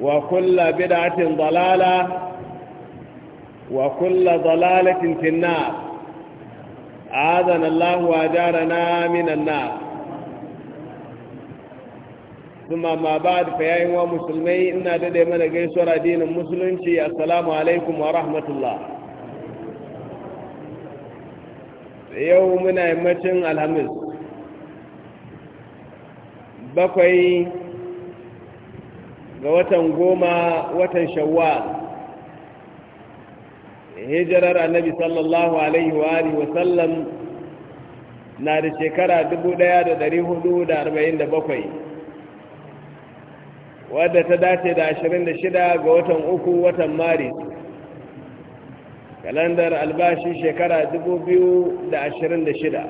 wa kulla bid'atin dalala wa kulla dalalatin tinnar azanallahu wa jarana minan nar kuma ma ba da fayayin wa musulmai ina dade mana gaisuwar addinin muslunci. assalamu alaikum wa yau muna yammacin alhamis bakwai ga watan goma watan shawwal hijirar annabi sallallahu alaihi wa alihi wa sallam na da shekara 1447 wadda ta dace da 26 ga watan uku watan maris kalandar albashi shekara 2026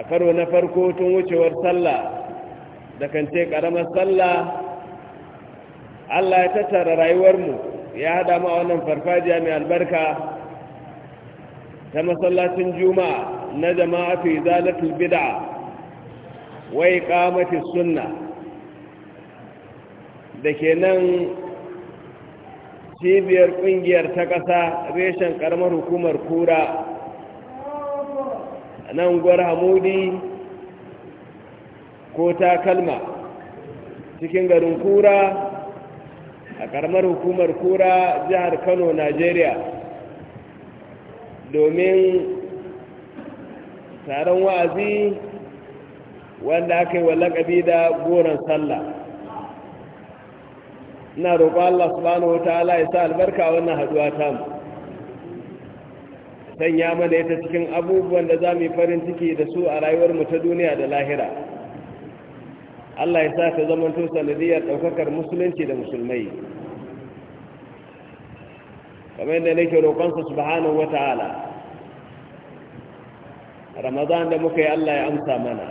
a karo na farko tun wucewar sallah da kan ce ƙaramar sallah allah ya tattara rayuwarmu ya haɗa mu a wannan farfajiya mai albarka ta masallacin juma'a na jama'a fi zalatul bid'a wai iqamati sunna da ke nan cibiyar ƙungiyar ta ƙasa reshen ƙaramar hukumar kura nan gwar hamudi ko takalma cikin garin kura a karamar hukumar kura jihar kano najeriya domin taron wa'azi wanda aka yi wa lakabi da goron sallah na roƙo Allah subhanahu wa ta'ala ya sa albarka wannan haduwa ta mu sanya mana ita cikin abubuwan da za mu yi farin ciki da su a rayuwar mu ta duniya da lahira Allah ya sa ta zamanto sanadiyar ɗaukakar musulunci da musulmai kamar yadda nake roƙonsa subhanahu wata'ala ramadan da muka yi Allah ya amsa mana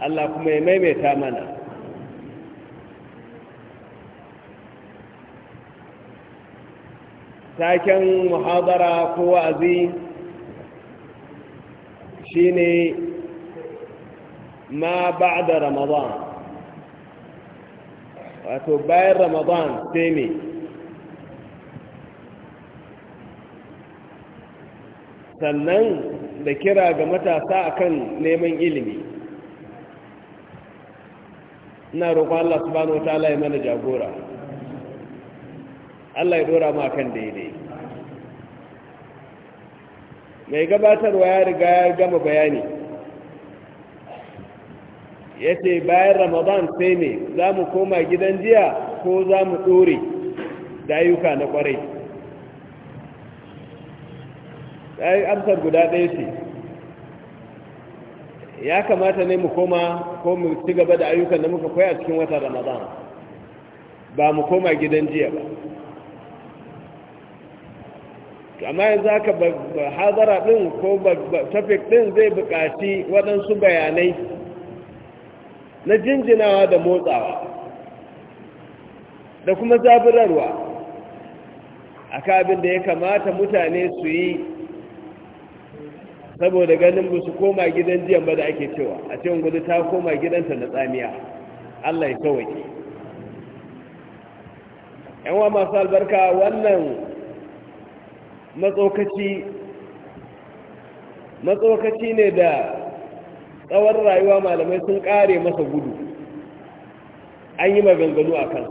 Allah kuma ya maimaita mana taken muhabara ko wa'azi shine ma ba'da ramadan wato bayan ramadan sai me sannan da kira ga matasa akan neman ilimi ina roƙon Allah subhanahu ta'ala ya mana jagora Allah ya dora mu akan daidai mai gabatarwa ya riga ya gama bayani ya ce bayan ramadan sai ne za mu koma gidan jiya ko za mu ɗore dayuka na ƙwarai ɗayi amsar guda ɗaya ce ya kamata ne mu koma ko mu ci gaba da ayyukan da muka koya cikin watan ramadan ba mu koma gidan jiya ba amma yanzu haka hazara ɗin ko tafik ɗin zai buƙaci waɗansu bayanai na jinjinawa da motsawa da kuma zabirarwa a kabin da ya kamata mutane su yi saboda ganin ba koma gidan jiyan ba da ake cewa a cikin gudu ta koma gidanta na tsamiya allah ya ke. yanwa masu albarka wannan matsaukaci matsokaci ne da tsawon rayuwa malamai sun kare masa gudu an yi maganganu a kan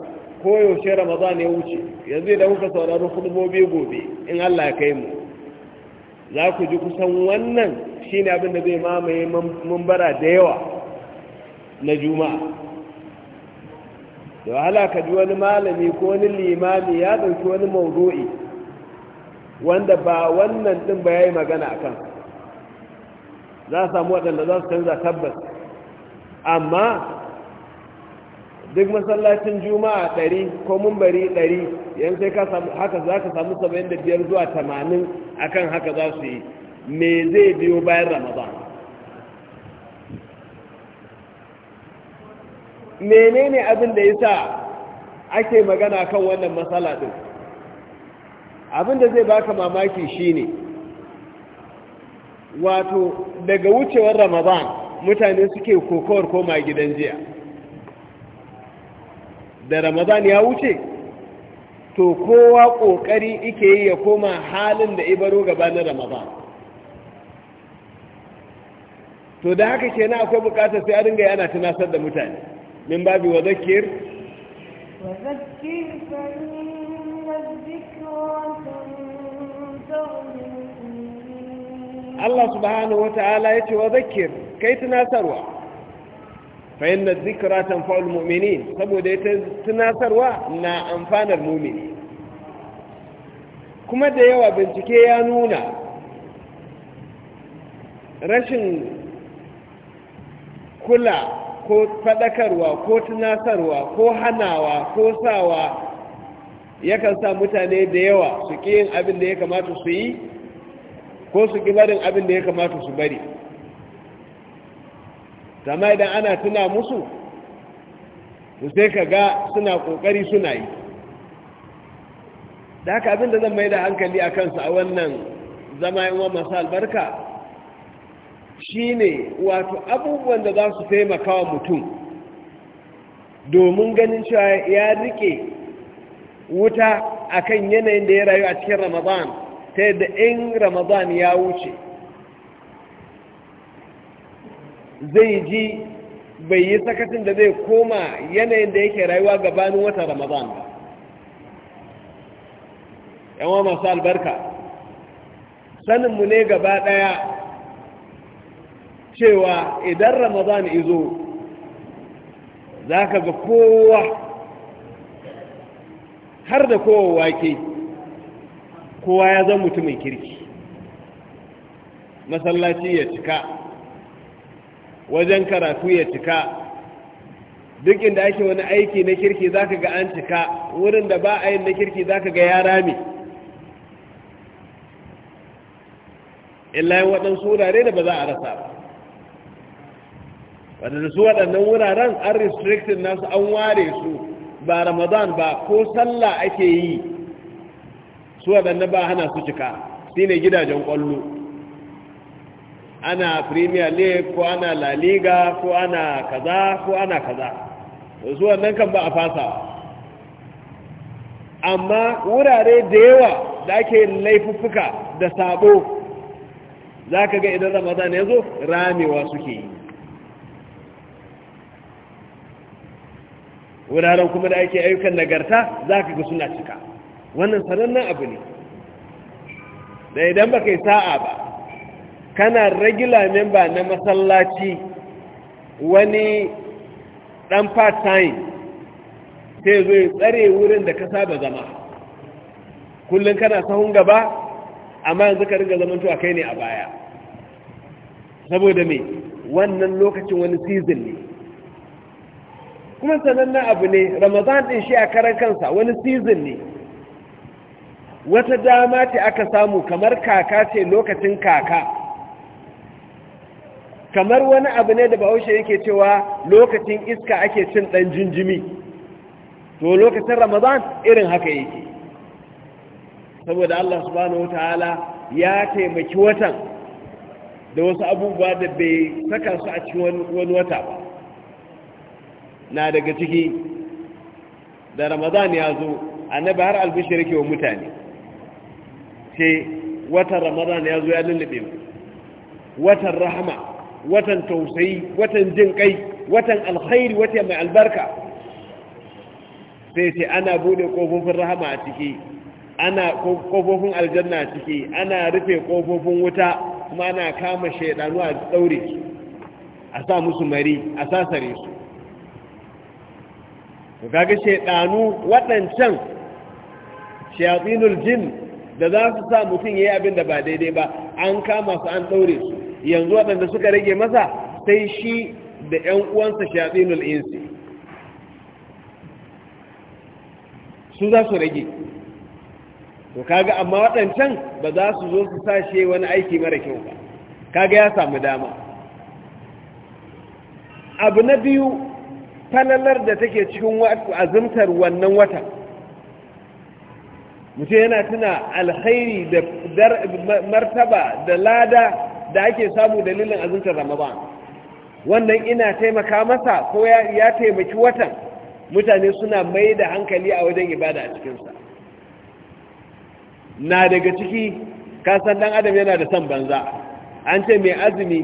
koyaushe ramadan ya wuce yanzu idan kuka saurari hudubobi gobe in allah ya kai mu za ku ji kusan wannan shine abin da zai mamaye mambara da yawa na juma'a da wahala ka ji wani malami ko wani limami ya ɗauki wani maudu'i wanda ba wannan ɗin ba ya yi magana a za a samu waɗanda za su canza tabbas amma duk masallacin juma'a ɗari ko mumbari ɗari yan sai haka za ka samu saba'in da biyar zuwa tamanin akan haka za su yi me zai biyo bayan ramadan menene abin da ya sa ake magana kan wannan matsala ɗin abin da zai baka mamaki shine ne wato daga wucewar ramadan mutane suke kokowar koma gidan jiya da ramadan ya wuce to kowa ƙoƙari ike yi ya koma halin da ibaro gabanin ramadan to da haka ke na akwai bukatar sai a dinga yana tunasar da mutane min babi wa zakir Allah subhanahu wata'ala yace wa zakkir kai tunasarwa fa inna dhikra tanfa'ul mu'minin saboda yace tunasarwa na amfanar mu'mini kuma da yawa bincike ya nuna rashin kula ko fadakarwa ko tunasarwa ko hanawa ko sawa yakan sa mutane da yawa su ƙi yin abin da ya kamata su yi ko su ki barin abin da ya kamata su bari sama idan ana tuna musu su sai ka ga suna ƙoƙari suna yi da haka abin da zan mai da hankali a kansu a wannan zama yin wa masu albarka shi ne wato abubuwan da za su taimaka wa mutum domin ganin cewa ya rike wuta akan yanayin da ya rayu a cikin ramadan ta yadda in ramadan ya wuce zai ji bai yi sakacin da zai koma yanayin da yake rayuwa gabanin wata ramadan ba yawan masu albarka saninmu ne gaba ɗaya cewa idan ramadan izo za ka ga kowa har da kowa wake kowa ya zan mutumin kirki masallaci ya cika wajen karatu ya cika duk inda ake wani aiki na kirki zaka ga an cika wurin da ba a yin na kirki zaka ga ya rame illa waɗansu wurare da ba za a rasa ba waɗanda su waɗannan wuraren an restricted nasu an ware su ba ramadan ba ko sallah ake yi su waɗanda ba hana su cika su ne gidajen ƙwallo ana premier league ko ana la liga ko ana kaza ko ana kaza su wannan kan ba a fasa. amma wurare da yawa da ake laifuffuka da sabo za ka ga idan ramadan yazo, zo ramewa suke yi wuraren kuma da ake ayyukan nagarta za ka ga suna cika wannan sanannen abu ne da idan ba kai sa'a ba kana regular member na masallaci wani dan part-time sai zai tsare wurin da ka saba zama kullum kana sahun gaba amma yanzu ka riga zaman a kai ne a baya saboda me wannan lokacin wani season ne kuma sanannen abu ne ramadan din shi a karan kansa wani season ne wata dama ce aka samu kamar kaka ce lokacin kaka kamar wani abu ne da bahaushe yake cewa lokacin iska ake cin ɗan jinjimi to lokacin ramadan irin haka yake saboda allah subhanahu wata ya taimaki watan da wasu abubuwa da bai saka su a cikin wani wata ba na daga ciki da ramadan ya zo annabi har albishir yake wa mutane ce watan ramadan ya zo ya lullube mu watan rahama watan tausayi watan jin kai watan alkhairi watan mai albarka sai ce ana bude kofofin rahama a ciki ana kofofin aljanna a ciki ana rufe kofofin wuta kuma ana kama shaidanu a daure a sa musu mari a sasare su to ga shaidanu waɗancan shayatinul jin. da za su sa mutum ya yi abin da ba daidai ba an kama su an ɗaure su yanzu waɗanda suka rage masa sai shi da 'yan uwansa shaɗinul insi su za su rage to kaga amma waɗancan ba za su zo su sashe wani aiki mara kyau ba kaga ya samu dama abu na biyu falalar da take cikin azumtar wannan watan mutum yana tuna alkhairi da martaba da lada da ake samu dalilin azuntar ramadan wannan ina taimaka masa ko ya taimaki watan mutane suna mai da hankali a wajen ibada a cikinsa na daga ciki kasan dan adam yana da son banza an ce mai azumi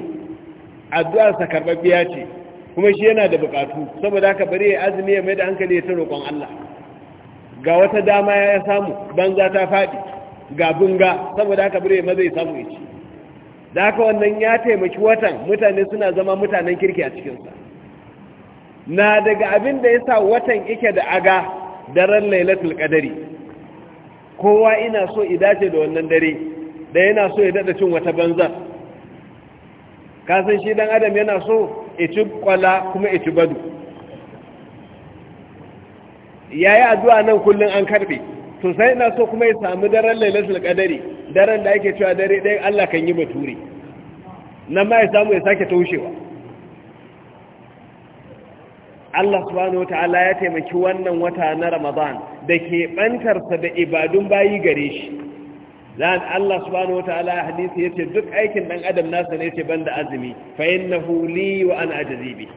addu'arsa karɓaɓɓiya ce kuma shi yana da bukatu saboda haka bari ya azumi ya mai da hankali ya ta roƙon Allah ga wata dama ya samu banza ta faɗi ga bunga saboda haka bire ma zai samu ci. da haka wannan ya taimaki watan mutane suna zama mutanen kirki a cikinsa na daga abin da ya sa watan ike da aga daren lailatul kadari. kowa ina so idace da wannan dare da yana so ya daɗa cin wata banza kasan shi dan adam yana so ya ci kwala kuma ya ci badu ya yi addu'a nan kullum an karfe Sosai na so kuma ya samu daren lailatul qadari daren da ake cewa dare ɗaya Allah kan yi baturi nan ma ya samu ya sake taushewa Allah subhanahu ta'ala ya taimaki wannan wata na Ramadan da ke ɓantarsa da ibadun bayi gare shi dan Allah subhanahu ta'ala hadisi yace duk aikin ɗan adam nasa ne yace banda azumi fa innahu li wa ana ajzibi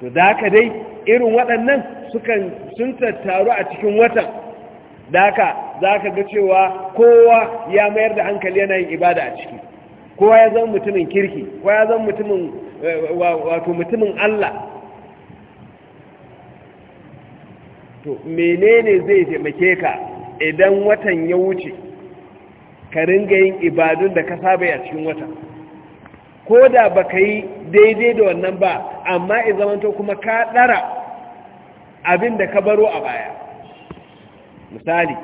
to da haka dai irin waɗannan sukan sun tattaru a cikin watan da haka za ka ga cewa kowa ya mayar da hankali yana yin ibada a ciki kowa ya zama mutumin kirki kowa ya zama mutumin eh, wato mutumin Allah to menene zai taimake ka idan watan ya wuce ka ringa yin ibadun da ka saba a cikin watan ko da baka yi daidai da wannan ba amma in kuma ka ɗara abin da ka baro a baya misali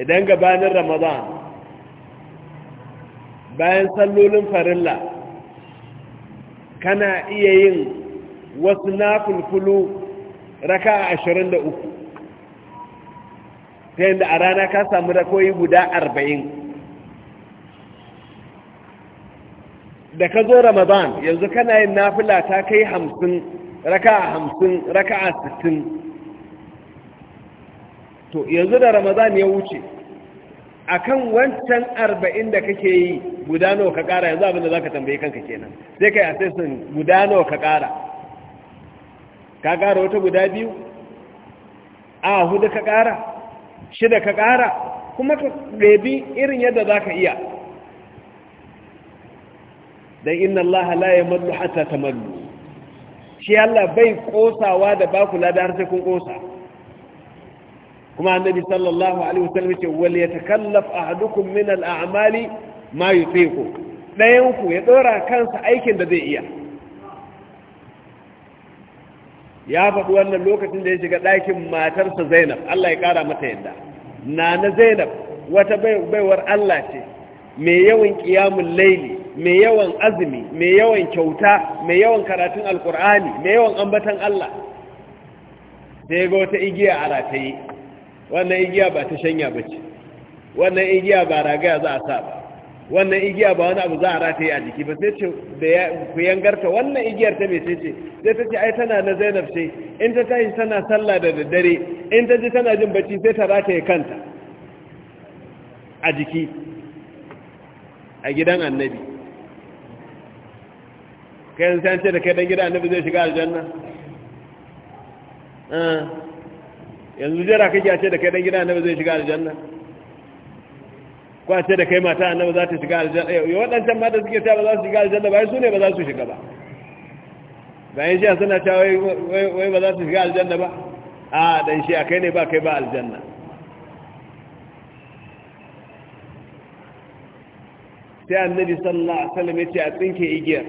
idan gabanin ramadan bayan sallolin farilla kana iya yin wasu nafulfulu raka ashirin da uku ta yadda a rana ka samu rakoyi guda arba'in da ka zo ramadan yanzu kana yin nafila ta kai hamsin raka'a hamsin raka'a sittin to yanzu da ramadan ya wuce akan wancan arba'in da kake yi guda nawa ka kara yanzu abinda za ka tambaye kanka kenan sai kai assessment guda nawa ka kara ka kara wata guda biyu a hudu ka kara shida ka kara kuma ka ɗabi irin yadda za ka iya dan inna allaha la yamallu ta tamallu shi Allah bai kosawa da baku da har sai kun kosa kuma annabi sallallahu alaihi wasallam ce wal yatakallaf ahadukum min al a'mali ma yutiqu dayan ku ya dora kansa aikin da zai iya ya faɗi wannan lokacin da ya shiga ɗakin matarsa Zainab Allah ya ƙara mata yadda nana Zainab wata baiwar Allah ce mai yawan ƙiyamun laili mai yawan azumi mai yawan kyauta mai yawan karatun alkur'ani mai yawan ambatan Allah sai ga wata igiya a rataye wannan igiya ba ta shanya ba ce wannan igiya ba ragaya za a sa ba wannan igiya ba wani abu za a rataye a jiki ba sai ce da ku yangarta wannan igiyar ta mai ce sai ta ce ai tana na zainab sai in ta tashi tana sallah da daddare in ta ji tana jin bacci sai ta rataye kanta a jiki a gidan annabi kai sen an ce da kai dan gida annabi zai shiga aljanna ah. yanzu jira kake a ce da kai dan gida annabi zai shiga aljanna ko a ce da kai mata annabi za ta shiga aljanna eh, yau waɗancan mata suke ta ba za su shiga aljanna ba su ne ba za su shiga ba bayan shi suna ta wai ba za su shiga aljanna ba a dan shi a ne ba kai ba aljanna sai annabi sallallahu alaihi wasallam ya ce a tsinke igiyar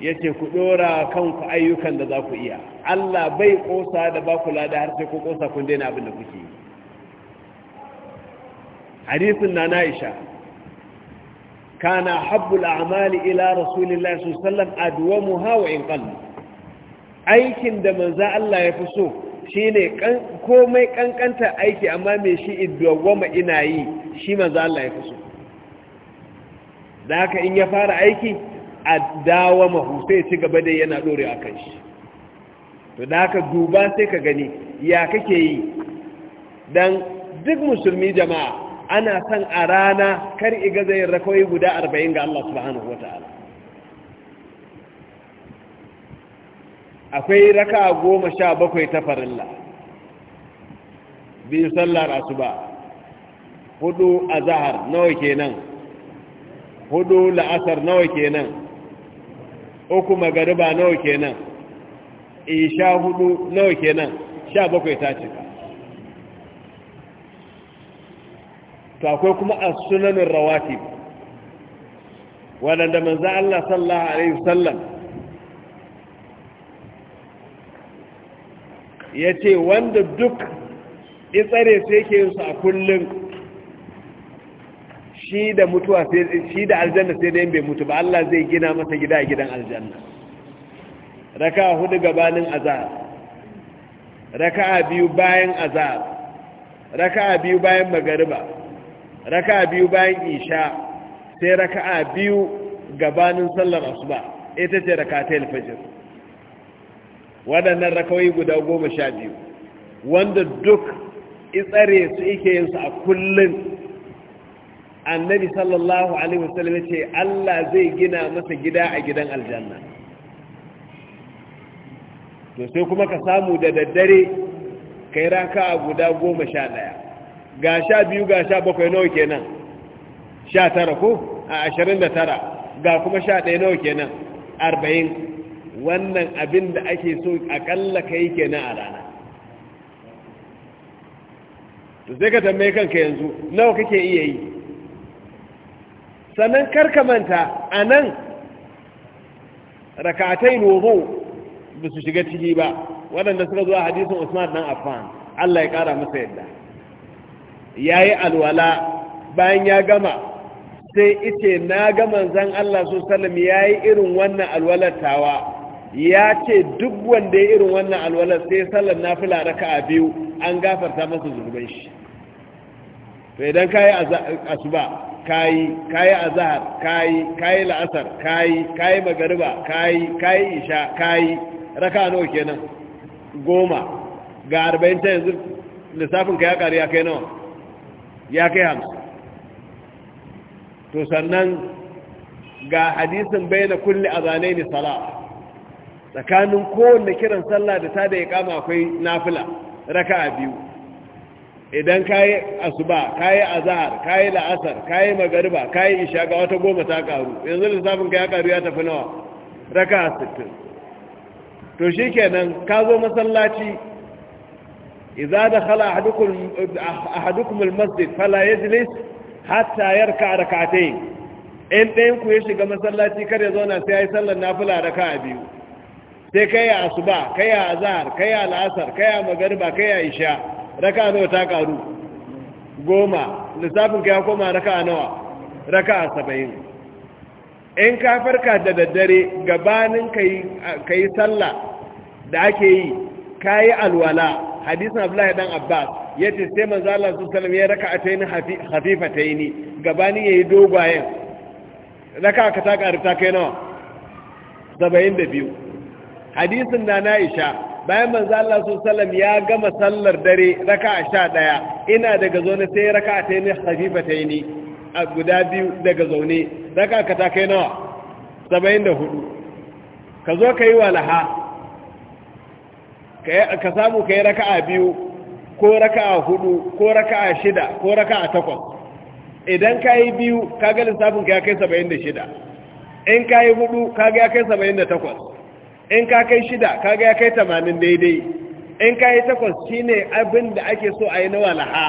ya ku ɗora kanku ayyukan da za ku iya Allah bai kosa da ba ku lada har sai ku kosa kun daina abin da kuke yi hadisin na aisha kana habbul a'mali ila rasulillahi sallallahu alaihi wasallam wa in aikin da manzo Allah ya fi so shine komai kankanta aiki amma me shi idwama ina yi shi manzo Allah ya fi so da haka in ya fara aiki a dawa mahu sai ci gaba da yana dore a kan shi to da haka duba sai ka gani ya kake yi don duk musulmi jama'a ana son a rana kar iga zai rakawai guda arba'in ga Allah subhanahu wa ta'ala akwai raka goma sha bakwai ta farilla biyu sallar asuba hudu a zahar nawa kenan hudu la'asar nawa kenan uku magariba nawa kenan isha eh, hudu nawa kenan sha bakwai ta cika to akwai kuma a sunanin rawati waɗanda manza Allah sallallahu Alaihi wasallam ya ce wanda duk itsare sai ke yinsu a kullum shi da mutuwa shi da aljanna sai da yin bai mutu ba Allah zai gina masa gida a gidan aljanna raka hudu gabanin azab raka biyu bayan azab raka biyu bayan magariba raka biyu bayan isha sai raka biyu gabanin sallar asuba ita ce raka ta wadannan waɗannan rakawai guda goma sha biyu wanda duk itsare su ike yinsu a kullum annabi sallallahu alaihi wasallam ya ce Allah zai gina masa gida a gidan aljanna to sai kuma ka samu da daddare kai raka a guda goma sha ɗaya ga sha biyu ga sha bakwai nawa kenan sha tara ko a ashirin da tara ga kuma sha ɗaya nawa kenan arba'in wannan abin da ake so akalla ka yi kenan a rana to sai ka tambaye kanka yanzu nawa kake iya yi sannan karkamanta a nan rakatai nuhu ba su shiga ciki ba waɗanda suka zuwa hadisun usman dan Afan allah ya ƙara masa yadda ya yi alwala bayan ya gama sai ita na gama zan Allah su salam ya yi irin wannan tawa ya ce duk wanda ya irin wannan alwalar sai sallar na fila raka a biyu an gafarta masa zurban shi to idan ka yi asuba kayi kayi azhar kayi kayi la'asar kayi kayi magariba kayi kayi isha kayi raka nawa kenan goma ga 40 ta yanzu lissafin ka ya kare ya kai nawa ya kai hamsin to sannan ga hadisin bayyana kulli azanai ne sala tsakanin kowanne kiran sallah da ta da ya kama akwai nafila raka a biyu idan ka yi asuba ka yi azahar, ka yi la'asar ka yi magariba yi isha ga wata goma ta karu yanzu lissafin ka ya karu ya tafi nawa raka 60 to shi nan ka zo masallaci idza dakhala ahadukum ahadukum almasjid fala yajlis hatta ta yi in ɗayan ku ya shiga masallaci kar ya zauna sai ya yi sallar raka a biyu sai ka yi asuba ka yi azahar, ka yi la'asar ka yi magariba ka yi isha raka nawa ta karu goma lissafin ka ya koma raka nawa raka saba'in in ka farka da daddare gabanin ka yi sallah da ake yi ka yi alwala hadisun abdullahi dan abbas ya ce sai manzo Allah su salam ya raka ta ni hafifa ta ni. gabanin ya yi dogwayen raka ka ta karu ta kai nawa saba'in da biyu hadisun na na isha bayan manzo Allah sallallahu ya gama sallar dare raka'a sha ɗaya, ina daga zaune sai raka'a ta ne khafifataini a guda biyu daga zaune raka'a ka ta kai nawa 74 ka zo kai walaha ka samu kai raka'a biyu ko raka'a hudu ko raka'a shida ko raka'a takwas idan ka yi biyu kaga lissafin ka ya kai 76 in ka yi hudu kaga ya kai 78 in ka kai shida kaga ya kai tamanin daidai in ka yi takwas shi ne abin da ake so a yi na walaha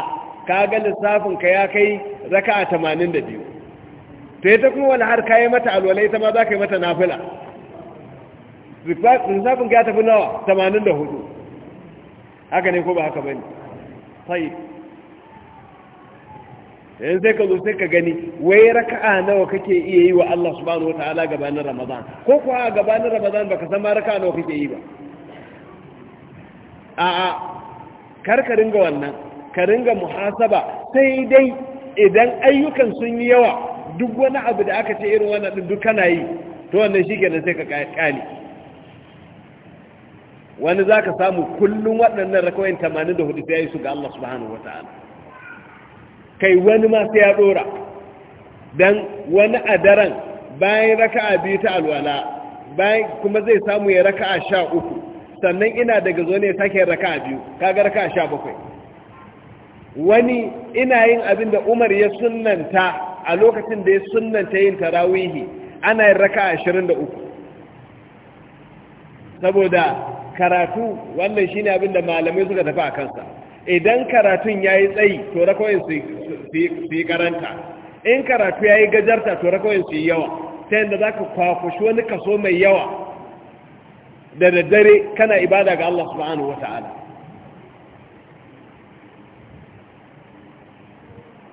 kaga lissafin ka ya kai raka a tamanin da biyu to ta kuma walahar ka yi mata alwalai ta ma za ka yi mata nafila lissafin ka ya tafi nawa tamanin da hudu haka ne ko ba haka bane yanzu sai ka zo sai ka gani wai raka'a nawa kake iya yi wa Allah subhanahu ta'ala gabanin Ramadan ko ko a gabanin Ramadan baka san ma raka'a nawa kake yi ba a'a kar ka ringa wannan ka ringa muhasaba sai dai idan ayyukan sun yi yawa duk wani abu da aka ce irin wannan din duk kana yi to wannan shi kenan sai ka kali wani zaka samu kullun waɗannan rakawai 84 sai yi su ga Allah subhanahu ta'ala kai wani ma sai ya dora dan wani a daren bayan raka'a biyu ta alwala bayan kuma zai samu ya raka'a sha uku sannan ina daga zo ne ya sake raka'a biyu kaga raka'a sha bakwai wani ina yin abin da umar ya sunanta a lokacin da ya sunanta yin tarawihi ana yin raka ashirin da uku saboda karatu wannan shine ne abin da malamai suka tafi a kansa idan karatun ya yi tsayi to su su yi karanta in karatu ya yi gajarta to rakawoyin su yi yawa ta yadda za ka kwakushi wani kaso mai yawa da daddare kana ibada ga Allah subhanahu wa ta'ala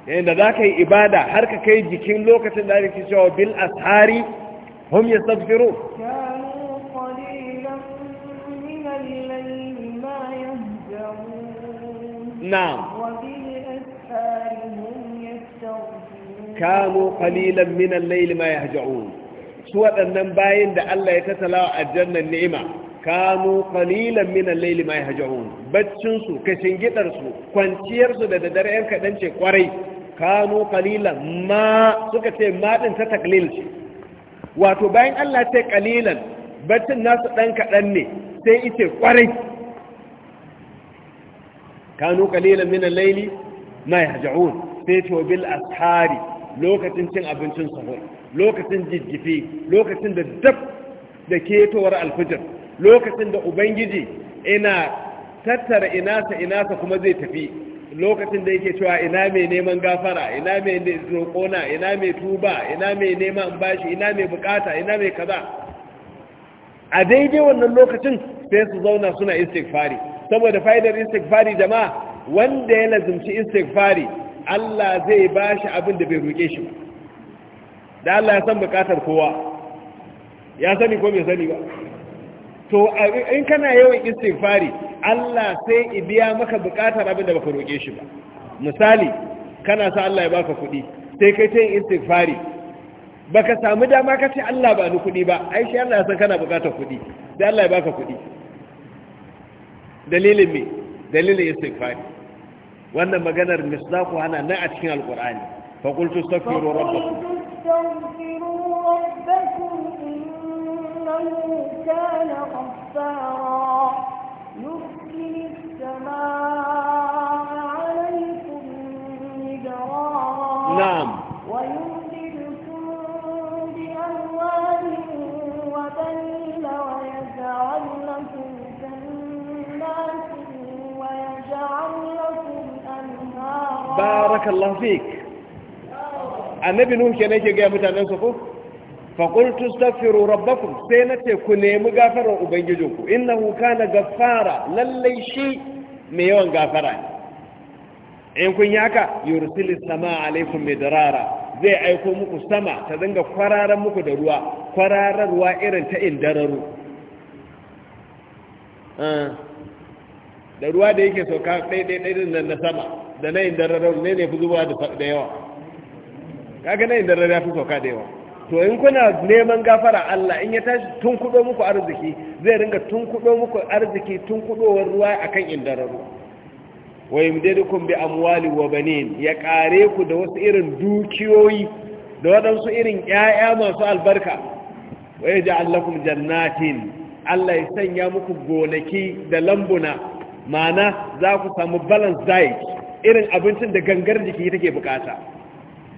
yadda za ka yi ibada har ka kai jikin lokacin da ake cewa bil ashari hum yastaghfirun na'am kanu qalilan minan laili ma ya yahja'un su waɗannan bayan da Allah ya a jannan ni'ima kanu qalilan minan laili ma ya baccin baccinsu, kashin gidar su kwanciyar da daddare yan kadan ce ƙwarai. kanu qalilan ma suka ce ma din ta taklil wato bayan Allah ce qalilan baccin nasu ɗan kaɗan ne sai ita ƙwarai. kanu qalilan minan laili ma ya yahja'un sai to bil ashari lokacin cin abincin sahur lokacin jijjifi lokacin da dab da ketowar alfijir lokacin da ubangiji ina tattara inasa inasa kuma zai tafi lokacin da yake cewa ina mai neman gafara ina mai roƙona ina mai tuba ina mai neman bashi ina mai bukata ina mai kaza a daidai wannan lokacin sai su zauna suna istighfari saboda fa'idar istighfari jama'a wanda ya lazimci istighfari Allah zai ba shi abin da bai roƙe shi ba da Allah ya san buƙatar kowa ya sani ko mai sani ba to in kana yawan istighfari Allah sai i biya maka buƙatar abin da baka roƙe shi ba misali kana sa Allah ya baka kuɗi sai kai ta yin istighfari baka samu dama ka ce Allah ba ni kuɗi ba ai shi Allah ya san kana buƙatar kuɗi sai Allah ya baka kuɗi dalilin me dalilin istighfari wannan maganar misdaku hana na a cikin alkur'ani fa qul tastaghfiru rabbakum كان غفارا السماء عليكم نعم ويمددكم بأموال وبنين ويجعل لكم جنات ويجعل لكم barakallahu fik annabi nuhu kenan yake ga mutanen su ko fa qultu astaghfiru rabbakum sai nace ku nemi gafarar ubangijinku innahu kana gaffara lallai shi mai yawan gafara in kun yaka haka sama alaikum midrara zai aiko muku sama ta dinga kwararan muku da ruwa ruwa irin ta indararu ah. da ruwa da yake sauka ɗaiɗaiɗaiɗin nan na sama da na indararau ne ne fi zuwa da yawa kaga na indararau ya fi sauka da yawa to in kuna neman gafara Allah in ya tashi tun kudo muku arziki zai ringa tun kudo muku arziki tun kudowar ruwa akan indararau wa yumdidukum bi amwali wa banin ya kare ku da wasu irin dukiyoyi da waɗansu irin ƴaƴa masu albarka wa yaj'al lakum jannatin Allah ya sanya muku gonaki da lambuna ma'ana za ku samu balance diet irin abincin da gangar jiki take bukata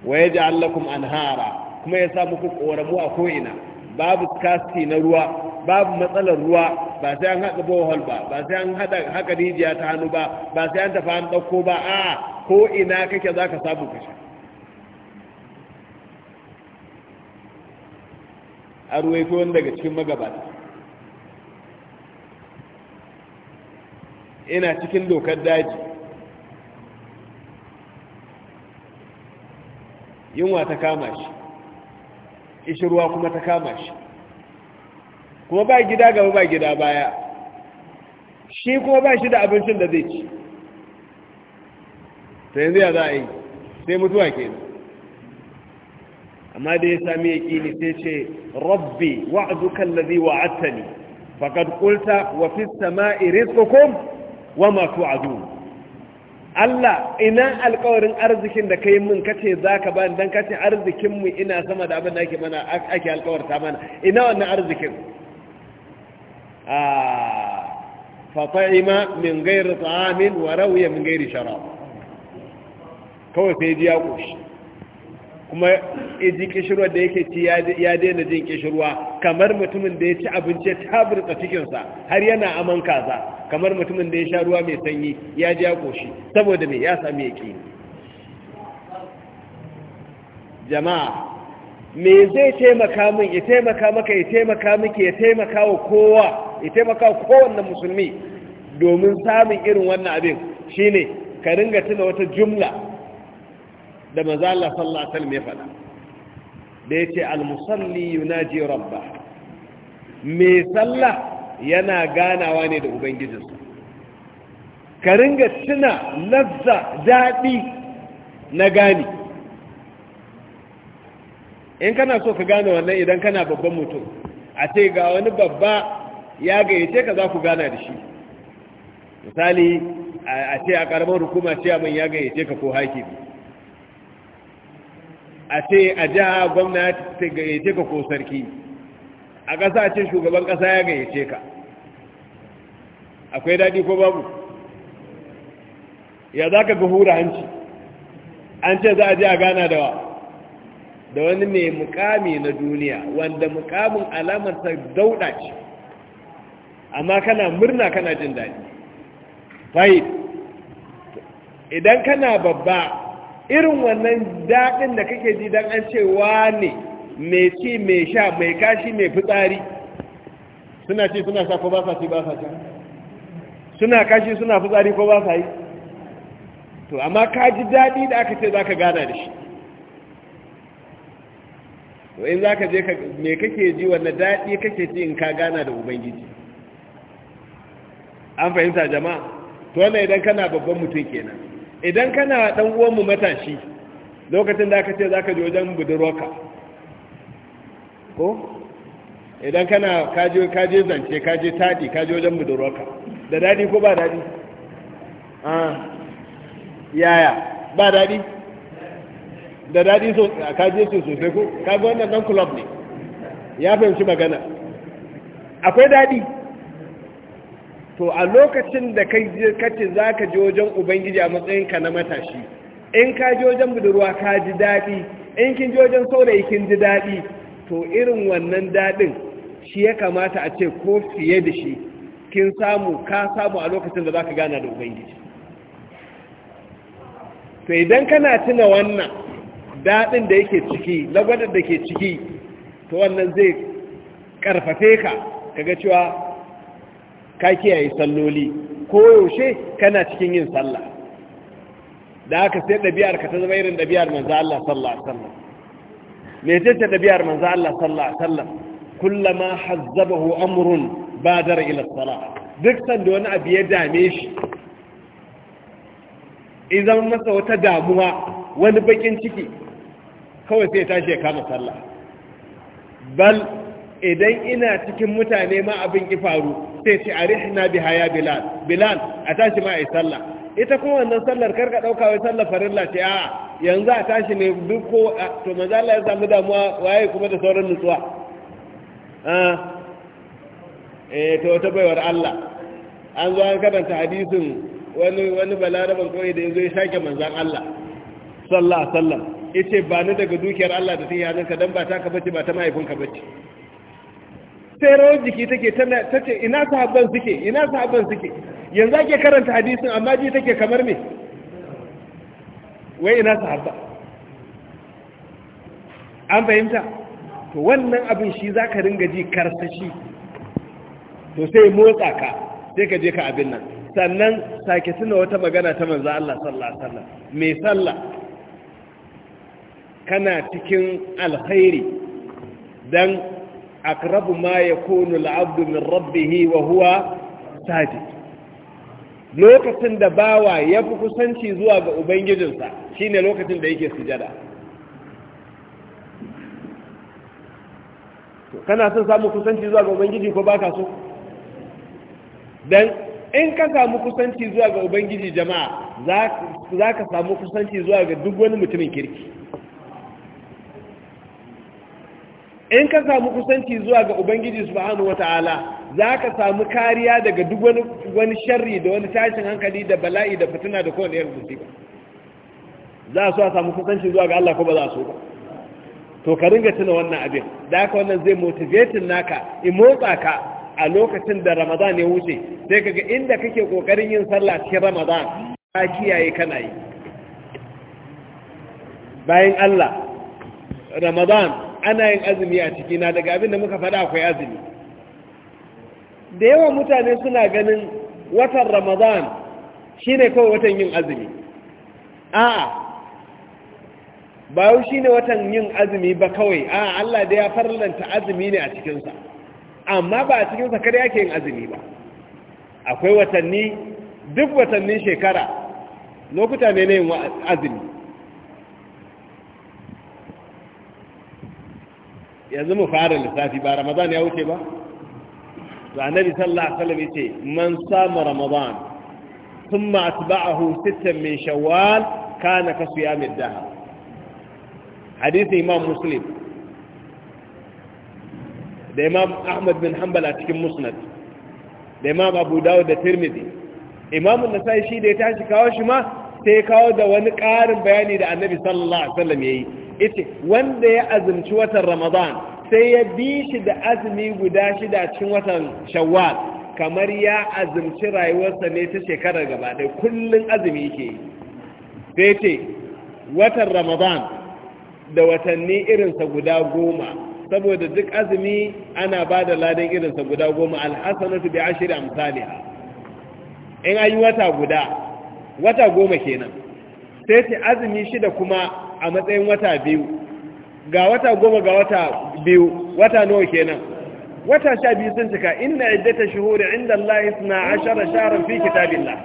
wa ja'al lakum anhara kuma ya sa muku koramu a ko'ina babu kasti na ruwa babu matsalar ruwa ba sai an haɗa bohol ba ba sai an haɗa haka rijiya ta hannu ba ba sai an tafi an ɗauko ba a ko ina kake za ka samu kashe ko wanda daga cikin magabata ina cikin dokar daji yunwa ta kama shi ishirwa kuma ta kama shi kuma ba gida gaba ba gida baya shi kuma ba shi da abincin da zai ci ta yanzu ya za a yi sai mutuwa ke amma da ya sami ya ne sai ce rabbi wa'adukan lazi wa'attani faƙad ƙulta wa fi sama'i tsokon wa ma tu'adun Allah ina alƙawarin arzikin da kai min kace zaka ba dan kace arzikin mu ina sama da abin da ake mana ake alƙawarta mana ina wannan arzikin fa min ghairi ta'amin wa rawiya min ghairi sharab kawai sai ya koshi kuma iji kishirwa da yake ci ya daina jin kishirwa kamar mutumin da ya ci abinci ta burka cikinsa har yana aman kaza kamar mutumin da ya sha ruwa mai sanyi ya ji ya koshi saboda mai ya sami yaki jama'a me zai taimaka min ya taimaka maka ya taimaka miki ya taimaka wa kowa ya taimaka wa kowanne musulmi domin samun irin wannan abin shine ka ringa tuna wata jumla da maza Allah sallallahu alaihi wasallam ya faɗa da yace al-musalli yunaji rabba me sallah yana ganawa ne da ubangijinsa ka ringa tuna lazza daɗi na gani in kana so ka gane wannan idan kana babban mutum a ce ga wani babba ya gayyace ka za ku gana da shi misali a ce a ƙaramar hukuma ce ya gayyace ka ko haƙi a ce a jiha gwamna ta gayyace ka ko sarki a ƙasa ce shugaban ƙasa ya gayyace ka akwai daɗi ko babu ya za ka hura hanci an ce za a ji a gana da wa da wani mai mukami na duniya wanda mukamin alamarsa dauɗa ce amma kana murna kana jin daɗi fahim idan kana babba irin wannan daɗin da kake ji don an ce wane mai ci mai sha mai kashi mai fitsari suna ce suna sha ko ba sa ci ba sa can suna kashi suna fitsari ko ba sa yi to amma ka ji daɗi da aka ce za ka gana da shi to in za ka je mai kake ji wannan daɗi kake ci in ka gana da ubangiji an fahimta jama'a to wannan idan kana babban mutum kenan idan kana dan uwanmu matashi lokacin da aka ce za ka je wajen budurwaka, ko idan kana kaje je zance kaje tadi kaje wajen budurwaka, da dadi ko ba dadi ah yaya ba dadi da dadi so kaje su sosai ko kaga wannan dan club ne ya fahimci magana akwai dadi to a lokacin da kai kace za ka je wajen ubangiji a matsayin ka na matashi in ka je wajen budurwa ka ji daɗi in kin je wajen saurayi kin ji daɗi to irin wannan daɗin shi ya kamata a ce ko fiye da shi kin samu ka samu a lokacin da zaka ka gana da ubangiji to idan kana tuna wannan daɗin da yake ciki lagwadar da ke ciki to wannan zai ƙarfafe ka kaga cewa ka kiyaye salloli koyaushe kana cikin yin sallah da haka sai ɗabi'ar ka ta zama irin ɗabi'ar manzo Allah sallallahu alaihi wasallam me ce ta ɗabi'ar manzo Allah sallallahu alaihi wasallam kullama hazzabahu amrun badara ila salah duk sanda wani abu ya dame shi idan masa wata damuwa wani bakin ciki kawai sai tashi ya kama sallah bal idan ina cikin mutane ma abin ki faru sai ci arihna biha ya bilal bilal a tashi ma ai sallah ita kuma wannan sallar karka dauka wai sallar farilla ce a yanzu a tashi ne duk ko to manzo Allah ya samu damuwa waye kuma da sauran nutsuwa eh to ta baiwar Allah an zo an karanta hadisin wani wani balaraban koyi da yanzu ya sake manzon Allah sallallahu alaihi wasallam yace ba ni daga dukiyar Allah da ta yi hannunka dan ba ta ka bace ba ta mahaifinka bace sai rawar jiki take tana tace ina sahabban suke ina sahabban suke yanzu ake karanta hadisin amma ji take kamar me wai ina sahabba an fahimta to wannan abin shi za ka ringa ji karsashi to sai motsa ka sai ka je ka abin nan sannan sake suna wata magana ta manzo Allah sallallahu alaihi wasallam mai sallah kana cikin alkhairi dan akrabu ma yakunu al'abdu min rabbihi wa huwa lokacin da bawa ya fi kusanci zuwa ga ubangijinsa shi ne lokacin da yake sujada kana son samu kusanci zuwa ga ubangiji ko baka so don in ka samu kusanci zuwa ga ubangiji jama'a za ka samu kusanci zuwa ga duk wani mutumin kirki in ka samu kusanci zuwa ga ubangiji subhanahu wata'ala za ka samu kariya daga duk wani sharri da wani tashin hankali da bala'i da fitina da kowane irin musiba za a so a samu kusanci zuwa ga Allah ko ba za a so ba to ka ringa tuna wannan abin da haka wannan zai motivating naka in motsa ka a lokacin da ramadan ya wuce sai kaga inda kake kokarin yin sallah cikin ramadan ka kiyaye kana yi bayan Allah ramadan ana yin azumi a cikina daga abin da muka faɗa akwai azumi da yawa mutane suna ganin watan ramadan shi ne kawai watan yin azumi a'a ba shi ne watan yin azumi ba kawai a'a Allah da ya farlanta azumi ne a cikinsa amma ba a cikinsa kare yake yin azumi ba akwai watanni duk watannin shekara lokuta ne na yin azumi yanzu mu fara lissafi ba ramadan ya wuce ba to annabi sallallahu alaihi wasallam ce man sama ramadan sun thumma atba'ahu sittan min shawwal kana ka siyam ad-dahr hadisi imam muslim da imam ahmad bin hanbal a cikin musnad da imam abu dawud da tirmidhi imam na nasai shi da ya tashi kawo shi ma sai kawo da wani ƙarin bayani da annabi sallallahu alaihi wasallam yayi ita wanda ya azumci watan ramadan sai ya bi shi da azumi guda shida cikin watan shawwal kamar ya azumci rayuwarsa ne ta shekarar gaba ɗaya kullum azumi yake yi sai ce watan ramadan da watanni irinsa guda goma saboda duk azumi ana ba da ladan irinsa guda goma alhassanatu bi ashirin amsaliha in ayi wata guda wata goma kenan sai ce azumi shida kuma a matsayin wata biyu ga wata goma ga wata biyu wata nawa kenan wata sha biyu sun cika inna iddata shuhuri inda Allah isna ashara sharan fi kitabillah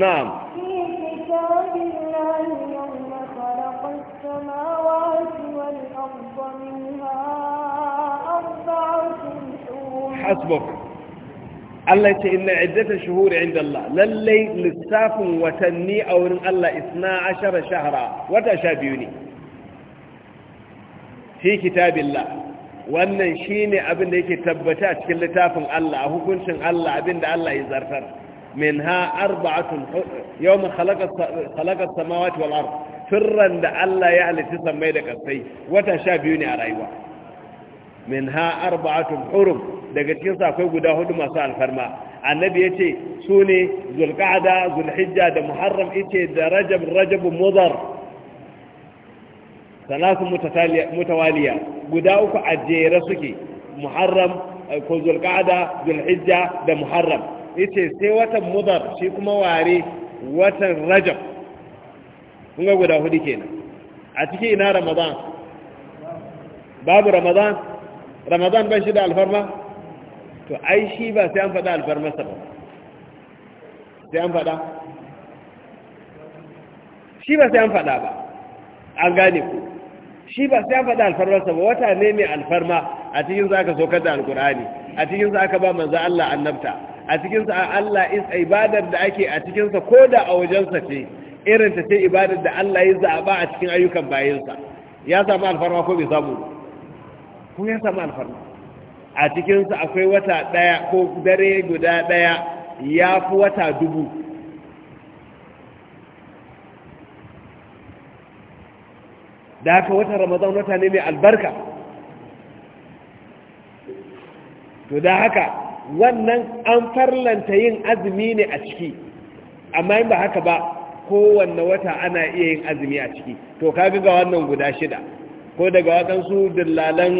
na'am في كتاب hasbuk Allah ce inna iddata shuhuri inda Allah lallai lissafin watanni a wurin Allah isna ashara shahara wata sha biyu ne fi kitabillah wannan shine abin da yake tabbata a cikin littafin Allah a hukuncin Allah abin da Allah ya zartar minha arba'atun yawma khalaqa samawati wal ard firran da Allah ya halitta samai da kasai wata sha biyu ne a rayuwa min ha arba'atun hurum daga cikin akwai guda hudu masu alfarma annabi ya ce su ne zulqa'ada zulhijja da muharram ita da rajab rajab mudar salatu mutawaliya guda uku a jere suke muharram eh, ko zulqa'ada zulhijja da muharram ita sai watan mudar shi kuma ware watan rajab kun ga guda hudu kenan a cikin ina ramadan babu ramadan ramadan ban shi da alfarma to ai shi ba sai an faɗa alfarmarsa ba sai an faɗa shi ba sai an faɗa ba an gane ku shi ba sai an faɗa alfarmarsa ba wata ne mai alfarma a cikin za ka sokar da alkur'ani a cikin za ka ba manzo Allah annabta a cikin sa Allah is ibadar da ake a cikin sa ko da a wajensa ce irin ta ce ibadar da Allah ya zaba a cikin ayyukan bayansa ya samu alfarma ko bai samu ba kun ya samu alfarma a cikinsu akwai wata ɗaya ko dare guda ɗaya ya fi wata dubu da aka wata ramadan wata ne mai albarka to da haka wannan an farlanta yin azumi ne a ciki amma in ba haka ba kowanne wata ana iya yin azumi a ciki to kaga ga wannan guda shida ko daga waɗansu dillalan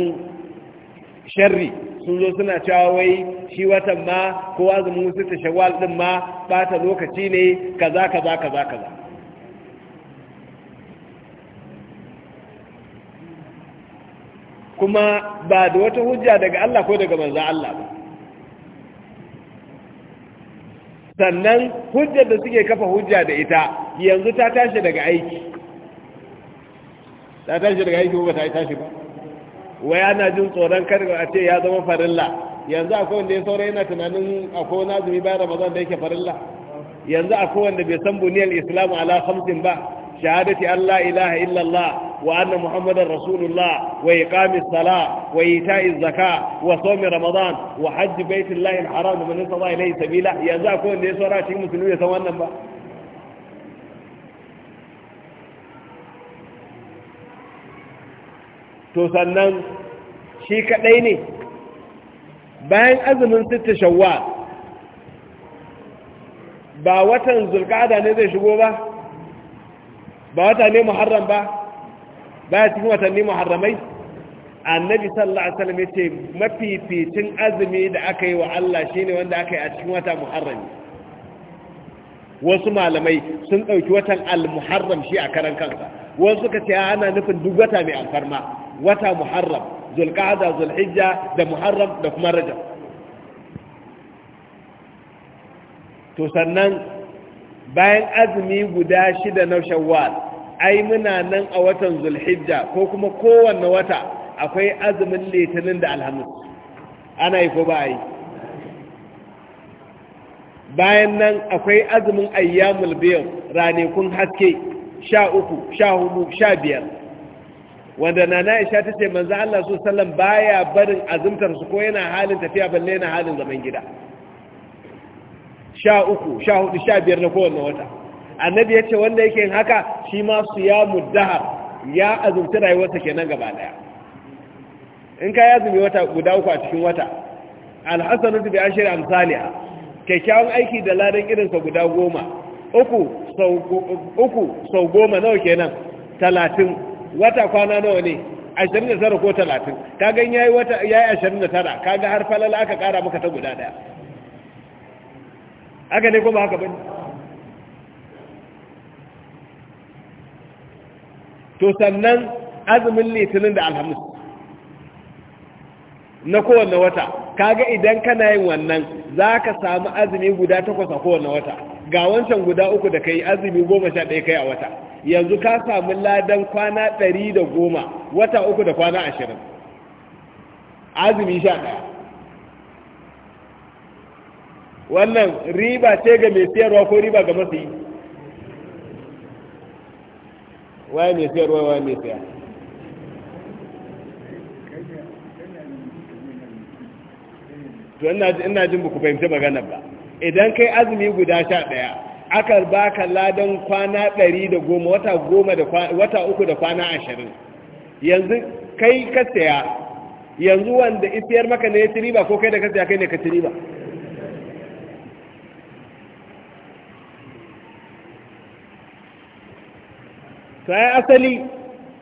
sharri sun zo suna cewa wai shi watan ma ko zama wasu ta shawar ɗin ma ɓata lokaci ne kaza kaza kaza kaza kuma ba da wata hujja daga Allah ko daga manzo Allah ba sannan hujjar da suke kafa hujja da ita yanzu ta tashi daga aiki ta tashi daga aiki ba ta tashi ba wai ana jin tsoron kar a ce ya zama farilla yanzu akwai wanda ya saurayi yana tunanin akwai wani azumi bayan ramadan da yake farilla yanzu akwai wanda bai san buniyar islam ala khamsin ba shahadati allah ilaha illallah wa anna muhammadar rasulullah wa iqamis sala wa ita'iz zaka wa sawm ramadan wa hajj baitillahi alharam man istata ilayhi sabila yanzu akwai wanda ya saurayi cikin musulmi ya san wannan ba to sannan shi kaɗai ne bayan azumin sitta shawwa ba watan zulkada ne zai shigo ba ba wata ne muharram ba ba ya cikin watanni muharramai annabi sallallahu alaihi wasallam yace mafificin azumi da aka yi wa Allah shine wanda aka yi a cikin wata muharrami wasu malamai sun ɗauki watan al-muharram shi a karan kansa wasu suka ce ana nufin duk wata mai alfarma wata muharram zulqa'ada zulhijja da muharram da kuma rajab to sannan bayan azumi guda shida na shawwal ai muna nan a watan zulhijja ko kuma kowanne wata akwai azumin litinin da alhamis ana yi ko ba yi bayan nan akwai azumin ayyamul biyar ranakun haske sha uku sha hudu sha biyar wanda na Aisha ta ce manzo Allah su sallam baya barin azumtar su ko yana halin tafiya balle yana halin zaman gida sha uku sha hudu sha biyar na kowanne wata annabi ya ce wanda yake haka shi ma su ya muddahar ya azumci rayuwarsa kenan gaba daya in ka ya zumi wata guda uku a cikin wata alhassanu bi ashir amsaliha kyakkyawan aiki da ladan irinsa guda goma uku sau goma nawa kenan talatin wata kwana nawa ne 29 ko 30 ya yi yayi wata yayi 29 kaga har falala aka kara maka ta guda daya haka ne kuma haka bane to sannan azumin litinin da alhamis na kowanne wata kaga idan kana yin wannan za ka samu azumi guda takwas a kowanne wata ga wancan guda uku da ka yi azumi goma sha ɗaya kai a wata yanzu ka samu ladan kwana ɗari da goma wata uku da kwana ashirin azumi sha ɗaya wannan riba ce ga mai siyarwa ko riba ga masu yi waye mai siyarwa waye mai siya to ina jin ba ku fahimci magana ba idan kai azumi guda sha ɗaya aka baka ladan kwana ɗari da goma wata goma da wata uku da kwana ashirin yanzu kai ka saya yanzu wanda isiyar maka ne ya ci riba ko kai da ka saya kai ne ka ci riba sai asali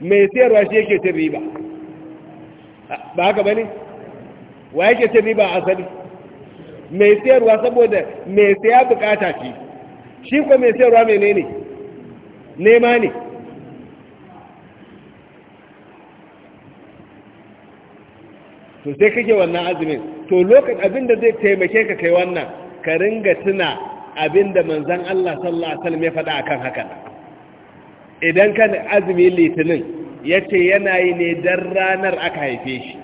mai siyarwa shi yake cin riba ba haka bane wa yake cin riba asali mai siyarwa saboda mai siya bukata ce shi ko mai sayarwa menene nema ne to sai kake wannan azumin to lokacin abin da zai taimake ka kai wannan ka ringa tuna abinda da manzan Allah sallallahu alaihi wasallam ya faɗa akan haka idan kan azumi litinin yace yana yi ne dan ranar aka haife shi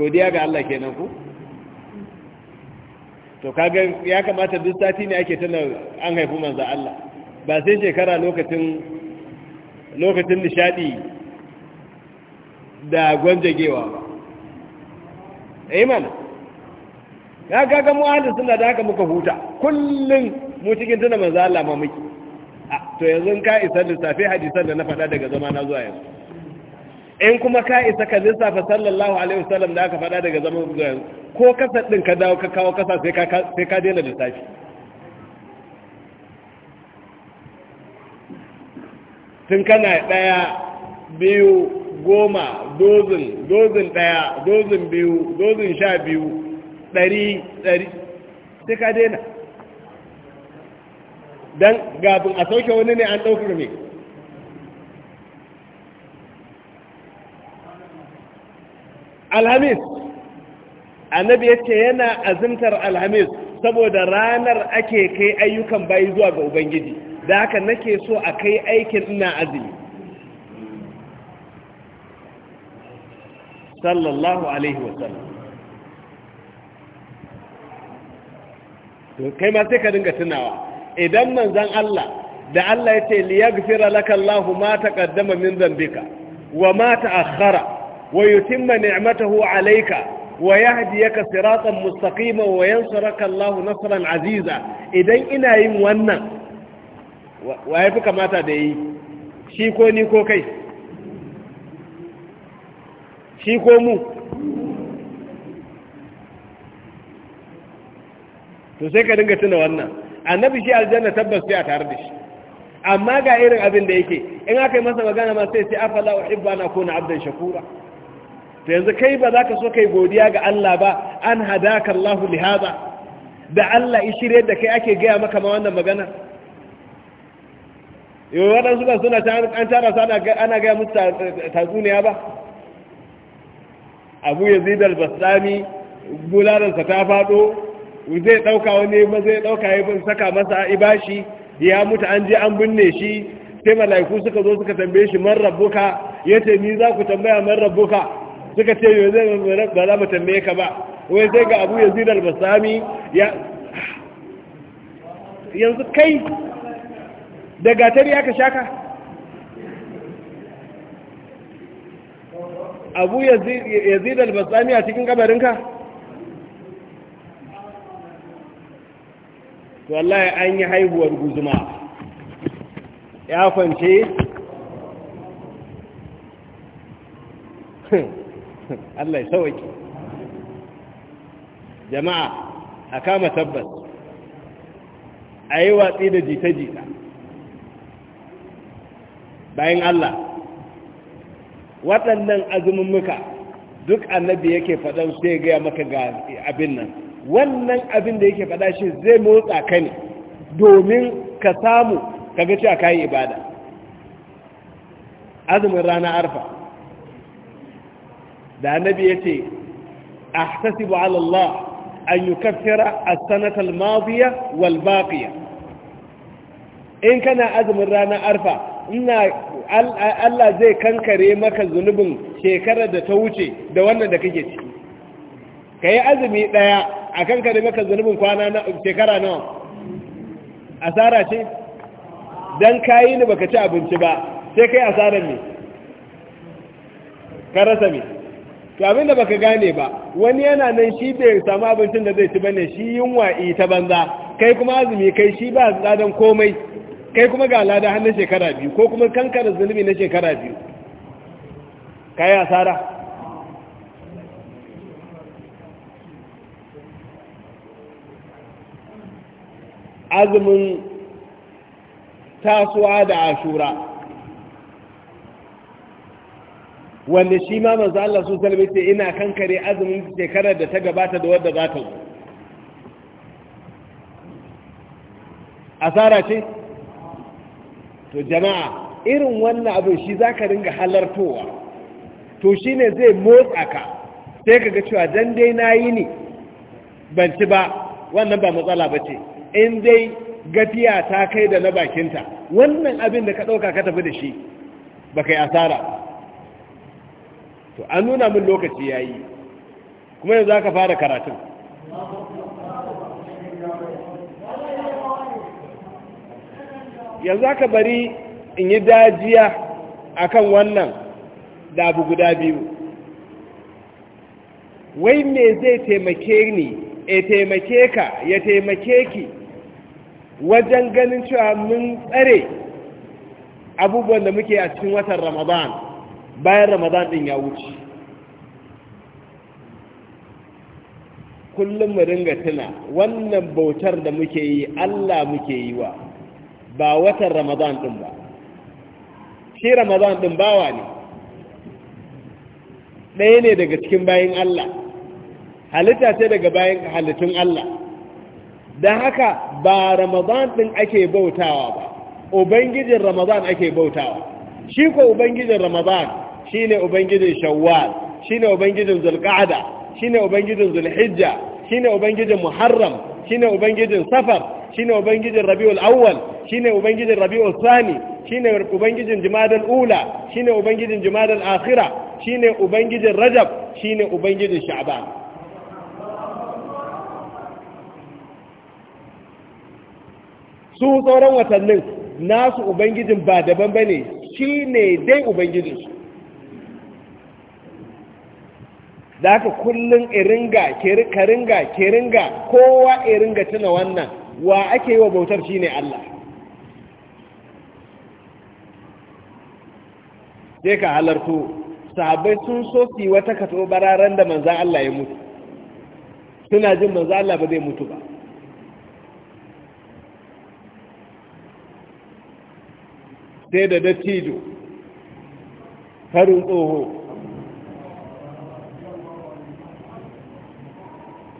godiya ga Allah kenan ku to kaga ya kamata duk sati ne ake tana an haifu manzo Allah ba sai shekara lokacin lokacin nishadi da gwanjagewa ba iman eh, ya kaga mu ahlus sunna da haka muka huta kullun mu cikin tana manzo Allah ma muke ah, to yanzu ka isa lissafi hadisan da na faɗa daga zamana zuwa yanzu in kuma ka isa ka lissafa sallallahu alaihi wasallam da aka faɗa daga zaman zuwa ko kasar ɗin ka dawo ka kawo kasa sai ka daina lissafi tun kana ɗaya biyu goma dozin dozin ɗaya dozin biyu dozin sha biyu ɗari ɗari sai ka daina don gafin a sauke wani ne an ɗaukar ne alhamis annabi ya ce yana azimtar alhamis saboda ranar ake kai ayyukan bayi zuwa ga ubangiji da haka nake so a kai aikin ina azumi sallallahu alaihi wasallam kai ma sai ka dinga tunawa idan manzan Allah da Allah ya ce liyagfira laka ma taqaddama min dhanbika wa ma ta'akhkhara wa yutimma ni'matahu alayka wa yahdiyaka siratan mustaqima wa yansuraka Allah nasran aziza idan ina yin wannan wa yafi kamata da yi shi ko ni ko kai shi ko mu to sai ka dinga tuna wannan annabi shi aljanna tabbas sai a tare da shi amma ga irin abin da yake in aka yi masa magana ma sai sai afala uhibba na kuna abdan shakura to yanzu kai ba za ka so kai godiya ga Allah ba an hadaka Allah li hada da Allah ya shirye da kai ake gaya maka ma wannan magana yau waɗansu suka suna an tara su ana gaya musu tatsuniya ba abu ya zidar basami bularansa ta faɗo zai ɗauka wani ba zai ɗauka ya saka masa ibashi ya mutu an je an binne shi sai mala'iku suka zo suka tambaye shi man rabbuka ya ce ni za ku tambaya man rabbuka suka ce yau zai ba za mu tambaye ka ba wai sai ga abu ya zirar basami ya yanzu kai da gatari aka shaka abu ya zirar basami a cikin kabarinka wallahi an yi haihuwar guzuma ya kwanci hmm. Allah ya sauki jama'a a kama tabbas a yi watsi da jita-jita bayan Allah waɗannan azumummuka duk annabi yake faɗan sai gaya maka ga abin nan wannan abin da yake faɗa shi zai motsa ka ne domin ka samu kaga cewa kayi ibada azumin rana arfa da annabi ya ce ahtasibu ala Allah an yukaffira as-sanata al-madiya wal in kana azumin ranar arfa ina Allah zai kankare maka zunubin shekarar da ta wuce da wannan da kake ciki kai azumi ɗaya a kankare maka zunubin kwana na shekara nawa asara ce dan kayi ni baka ci abinci ba sai kai asarar ne ka rasa me to abin da baka gane ba wani yana nan shi bai samu abincin da zai ci bane shi yunwa ta banza kai kuma azumi kai shi ba ladan komai kai kuma ga lada har na shekara biyu ko kuma kankanin zunubi na shekara biyu kai asara azumin tasuwa da ashura wanda shi ma manzo Allah su salbe ce ina kankare azumin shekarar da ta gabata da wadda za ta zo asara ce to jama'a irin wannan abin shi za ka ringa halartowa to shi ne zai motsa ka sai ka ga cewa dan dai na yi ni ban ci ba wannan ba matsala ba ce in dai gafiya ta kai da na bakinta wannan abin da ka ɗauka ka tafi da shi ba kai asara to an nuna min lokaci ya yi kuma yanzu aka fara karatun yanzu aka bari in yi dajiya kan wannan da abu guda biyu wai me zai taimake ni e taimake ka ya taimake ki wajen ganin cewa mun tsare abubuwan da muke a cikin watan ramadan bayan ramadan din ya wuce kullum mu ringa tuna wannan bautar da muke yi Allah muke yi wa ba watan ramadan din ba shi ramadan din bawa ne ɗaya ne daga cikin bayan Allah halitta ce daga bayan halittun Allah don haka ba ramadan din ake bautawa ba ubangijin ramadan ake bautawa shi ko ubangijin ramadan shine ubangijin shawwal shine ubangijin zulqa'da shine ubangijin zulhijja shine ubangijin muharram shine ubangijin safar shine ubangijin rabiul awwal shine ubangijin rabiul thani shine ubangijin jumadal ula shine ubangijin jumadal akhira shine ubangijin rajab shine ubangijin sha'ban su sauran watannin nasu ubangijin ba daban bane shine dai ubangijinsu da aka kullum iringa ka ringa ke ringa kowa iringa tuna wannan wa ake yi wa bautar shi ne Allah sai ka halarto sahabbai sun so su yi wata kato bararen da manzan Allah ya mutu suna jin manzan Allah ba zai mutu ba sai da dattijo farin tsoho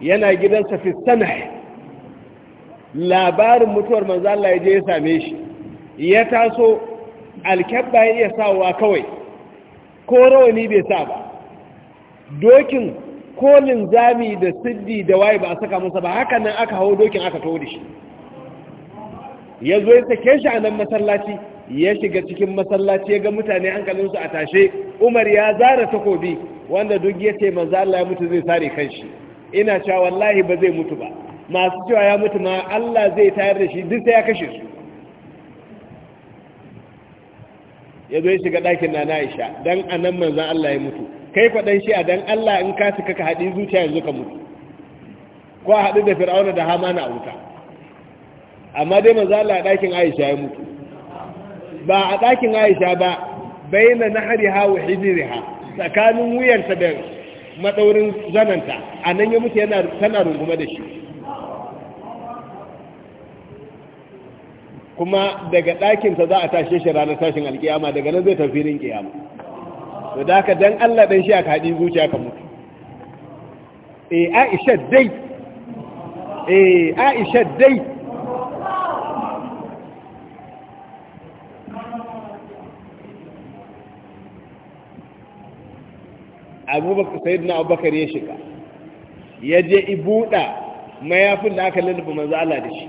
yana gidansa fi sanah labarin mutuwar manzala ya je ya same shi ya taso alkabba ya iya sawa kawai ko rawani bai sa ba dokin kolin zami da siddi da waye ba a saka masa ba haka nan aka hau dokin aka taho shi ya zo ya sake shi a nan masallaci ya shiga cikin masallaci ya ga mutane hankalinsu a tashe umar ya zara takobi wanda duk ya ce manzo ya mutu zai sare kanshi ina cewa wallahi ba zai mutu ba masu cewa ya mutu ma Allah zai tayar da shi duk sai ya kashe su ya zo ya shiga ɗakin na Aisha dan anan manzon Allah ya mutu kai dan shi a dan Allah in ka suka ka haɗi zuciya yanzu ka mutu ko a haɗu da fir'auna da hamana a wuta amma dai manzon Allah a ɗakin Aisha ya mutu ba a ɗakin Aisha ba baina nahriha wa hijriha tsakanin wuyarta da madaurin zananta a nan ya mutu yana tana rungume da shi kuma daga ɗakinsa za a tashe shi ranar tashin alkiyama daga nan zai tafirin kiyama da haka dan Allah ɗan shi aka haɗi zuciya ka mutu eh Aisha dai eh Aisha dai abubakar sayyidina abubakar ya shiga ya je ibuɗa, mayafin da aka lullufa manzo Allah da shi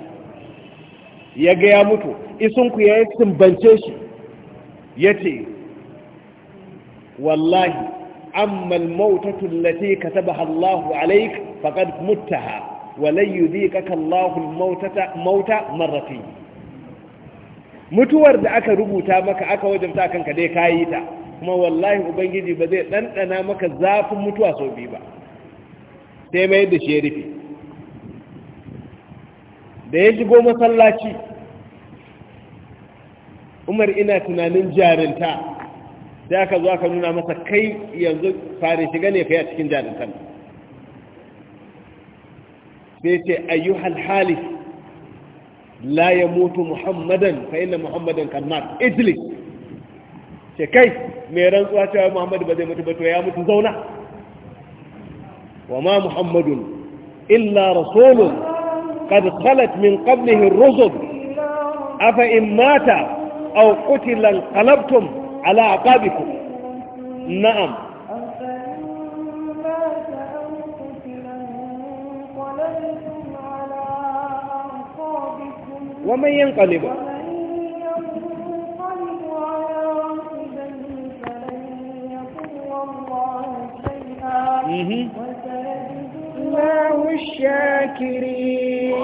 ya ga ya mutu isunku ya yi sumbance shi ya ce wallahi amma almautatu allati katabaha Allahu alayk faqad muttaha wa lan yudhikaka Allahu almautata mauta marratayn mutuwar da aka rubuta maka aka wajabta kanka dai kayi ta kuma wallahi ubangiji ba zai ɗanɗana maka zafin mutuwa sau biyu ba sai mai da shi ya rufe da ya shigo masallaci umar ina tunanin jarinta sai aka zo aka nuna masa kai yanzu fare shiga ne kai a cikin jarintan sai ce ayyuhal halif la ya mutu muhammadan fa ina muhammadan kan mat ce kai mai rantsuwa cewa muhammadu ba zai mutu ba to ya mutu zauna wa ma muhammadun illa rasulun kad khalat min qablihi ar-rusul afa in mata aw qutila qalabtum ala aqabikum na'am ومن ينقلب وسيجزي الله الشاكرين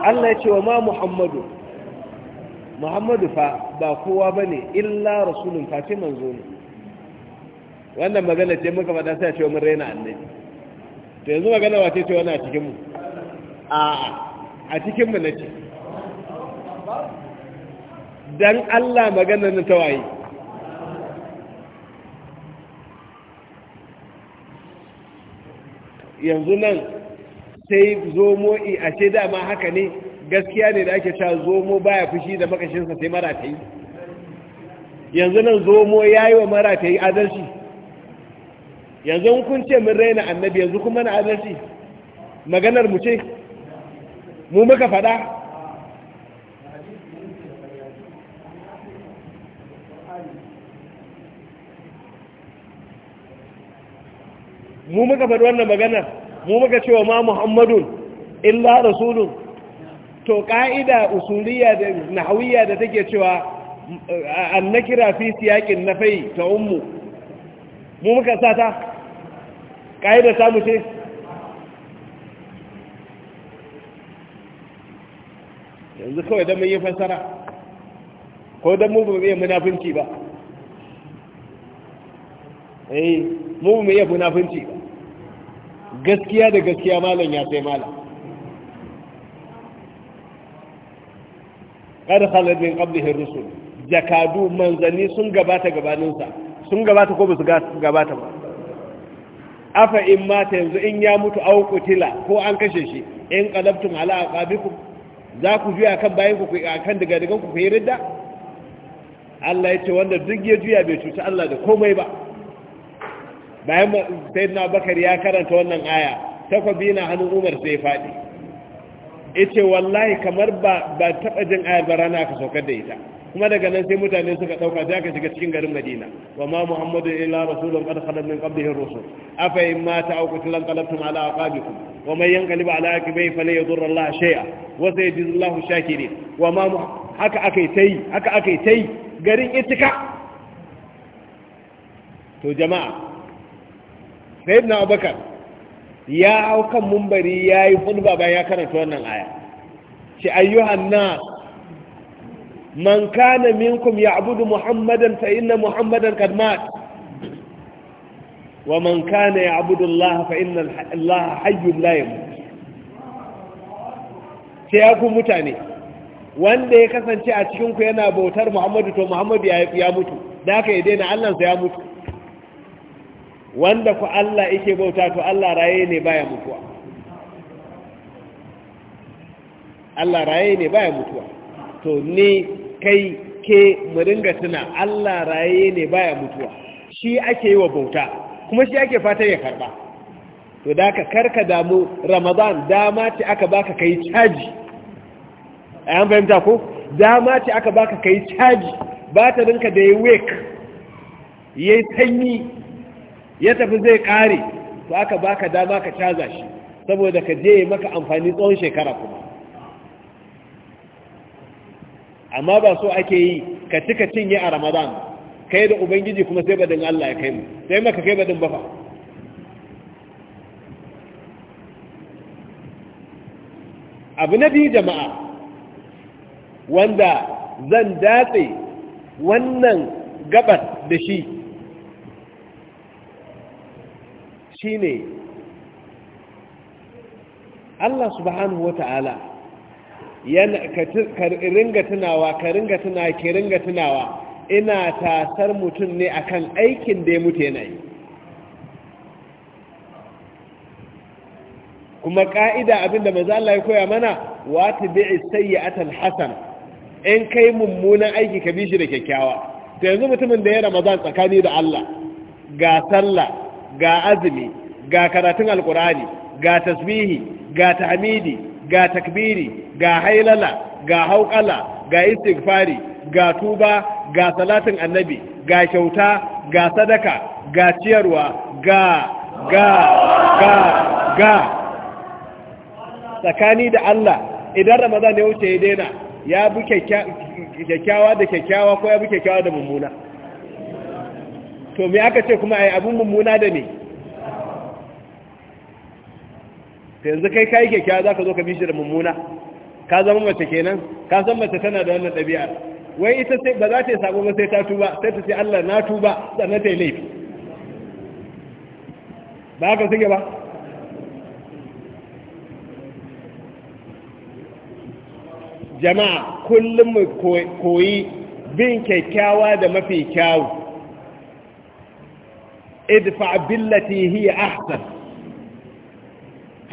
Allah ce wa ma Muhammadu Muhammadu fa ba kowa ba ne illa rasulun face manzo wannan magana ce muka faɗa sai ce mun raina annabi to yanzu magana wace ce wani a cikin mu a a cikin mu dan Allah maganar ta waye yanzu nan sai zomo i a ce dama haka ne gaskiya ne da ake cewa zomo baya fushi da makashinsa sai yi. yanzu nan zomo ya yi wa yi adalci yanzu kun ce mun raina annabi yanzu kuma na adalci maganar mu ce mu muka faɗa mu muka faɗi wannan magana mu muka cewa ma muhammadun illa rasulun to ka'ida usuliya da nahawiyya da take cewa annakira fi na nafai ta ummu mu muka sa ta ka'ida ta mu ce yanzu kawai don mun yi fassara ko don mu bai munafunci ba eh mu ba mu munafunci ba gaskiya da gaskiya malam ya sai malam kada khaladin qablihi rusul jakadu manzanni sun gabata gabaninsa sun gabata ko ba su gabata ba afa in mata yanzu in ya mutu au kutila ko an kashe shi in qalabtum ala aqabikum za ku juya kan bayan ku kan daga daga ku yi ridda Allah ya ce wanda duk ya juya bai cuta Allah da komai ba bayan sayyidina bakar ya karanta wannan aya takwabi na hannun umar sai faɗi ita wallahi kamar ba taɓa jin ayar ba rana aka saukar da ita kuma daga nan sai mutane suka ɗauka sai aka shiga cikin garin madina wa ma muhammadu ila rasulun qad khalat min qablihi rusul afa in mata a kutulan qalabtum ala aqabikum wa mai yan yanqalib ala aqibihi ya zurra allah shay'a wa sayajizullahu Shakiri. wa ma haka aka yi haka akai tai garin itika to jama'a na abubakar ya hau kan mumbari ya yi fulba bayan ya karanta wannan aya ce ayyuhan na man kana minkum abudu muhammadan fa inna muhammadan kad mat wa man kana abudu allah fa inna allah hayyun la yamut ce ya ku mutane wanda ya kasance a cikin ku yana bautar muhammadu to muhammadu ya mutu da haka ya daina allansa ya mutu wanda ku Allah yake bauta to Allah raye ne baya mutuwa Allah raye ne baya mutuwa to ni kai ke mu dinga tuna Allah raye ne baya mutuwa shi ake yi wa bauta kuma shi ake fatan ya karba to da ka karka damu Ramadan dama ce aka baka kai caji an fahimta ko dama ce aka baka kai caji ba ta dinka da ya wake yayi sanyi ya tafi zai kare to aka baka dama ka caza shi saboda ka je maka amfani tsawon shekara kuma amma ba so ake yi ka cika cinye a ramadan kai da ubangiji kuma sai badin Allah ya kai mu sai maka kai badin bafa abu na biyu jama'a wanda zan datse wannan gabar da shi shine Allah subhanahu wata'ala yana ka ringa tunawa ka ringa tuna ke ringa tunawa ina tasar mutum ne akan aikin da ya mutu yana kuma ƙa'ida abinda manzo Allah ya koya mana wata wa tabi'i sayyi'atan hasana in kai mummunan aiki ka bi shi da kyakkyawa Ta yanzu mutumin da ya Ramadan tsakani da Allah ga sallah ga azumi ga karatun alkur'ani ga tasbihi ga tahmidi ga takbiri ga hailala ga haukala ga istighfari ga tuba ga salatin annabi ga kyauta ga sadaka ga ciyarwa ga ga ga ga tsakani da Allah idan Ramadan ya wuce ya daina ya bi kyakkyawa da kyakkyawa ko ya bi kyakkyawa da mummuna to me aka ce kuma ai abun mummuna da me yanzu kai kai kyakkyawa za ka zo ka bi shi da mummuna ka zama mace kenan ka san mace tana da wannan ɗabi'a wai ita sai ba za ta yi sabo ba sai ta tuba sai ta ce Allah na tuba sannan ta yi laifi ba ka suke ba jama'a kullum mu koyi bin kyakkyawa da mafi kyawu idfa billati hiya ahsan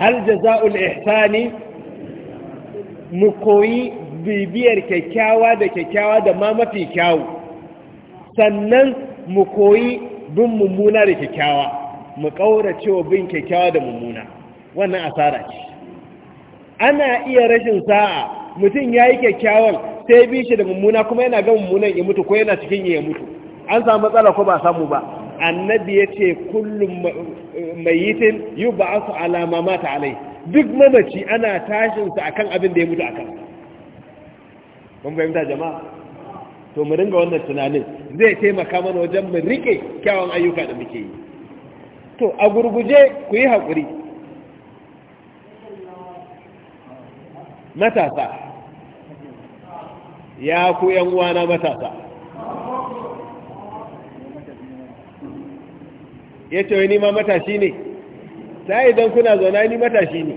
hal jaza'ul ihsani mu koyi bibiyar kyakkyawa da kyakkyawa da ma mafi kyawu sannan mu koyi bin mummuna da kyakkyawa mu ƙaurace wa bin kyakkyawa da mummuna wannan asara ce ana iya rashin sa'a mutum ya yi kyakkyawan sai bi shi da mummuna kuma yana ga mummunan ya mutu ko yana cikin ya mutu an samu matsala ko ba samu ba annabi ya ce kullum mai yi ba su alama mata alai duk mamaci ana tashinsa a kan abin da ya mutu a kan mun fahimta jama'a to mu ringa wannan tunanin zai taimaka mana wajen mu rike kyawun ayyuka da muke yi to a gurguje ku yi haƙuri matasa ya ku yan uwana matasa ya ce wani ma matashi ne ta idan kuna zauna ni matashi ne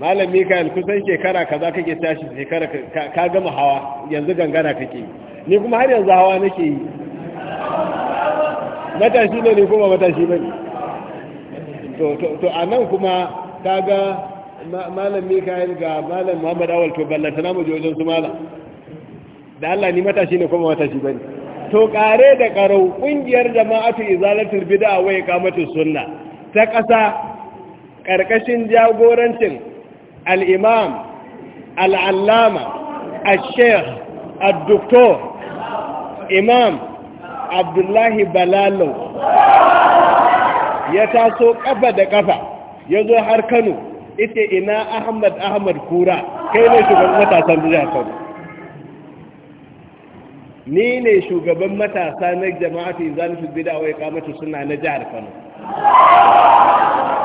malam mikael kusan shekara ka za ka ke tashi shekara ka gama hawa yanzu gangara kake yi ni kuma har yanzu hawa nake yi matashi ne ne kuma matashi ba ne to a nan kuma ta ga malam mikael ga malam muhammad awal to ballata namu jojin su malam da allah ni matashi ne kuma matashi ba ne to kare da karau kungiyar jama'atu izalatul bid'a wa iqamatus sunna ta kasa karkashin jagorancin al-imam al-allama al-sheikh al-doktor imam abdullahi balalo ya taso kafa da kafa ya zo har kano ita ina ahmad ahmad kura kai ne shugaban matasan jihar kano ni ne shugaban matasa na jama'atu izalatu bid'a wa kamata sunna na jihar Kano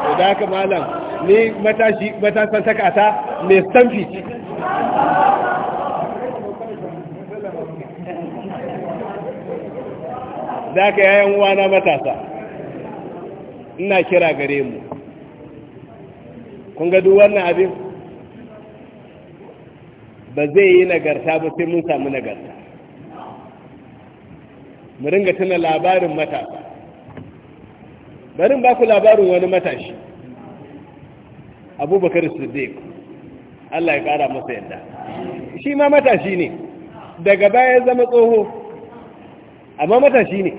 to da haka malam ni matashi matasan sakata mai stamfi da haka yayan uwana matasa ina kira gare mu kun ga duk wannan abin ba zai yi nagarta ba sai mun samu nagarta mu ringa tuna labarin matasa bari ba ku labarin wani matashi abubakar siddiq Allah ya kara masa yadda shi ma matashi ne daga baya zama tsoho amma matashi ne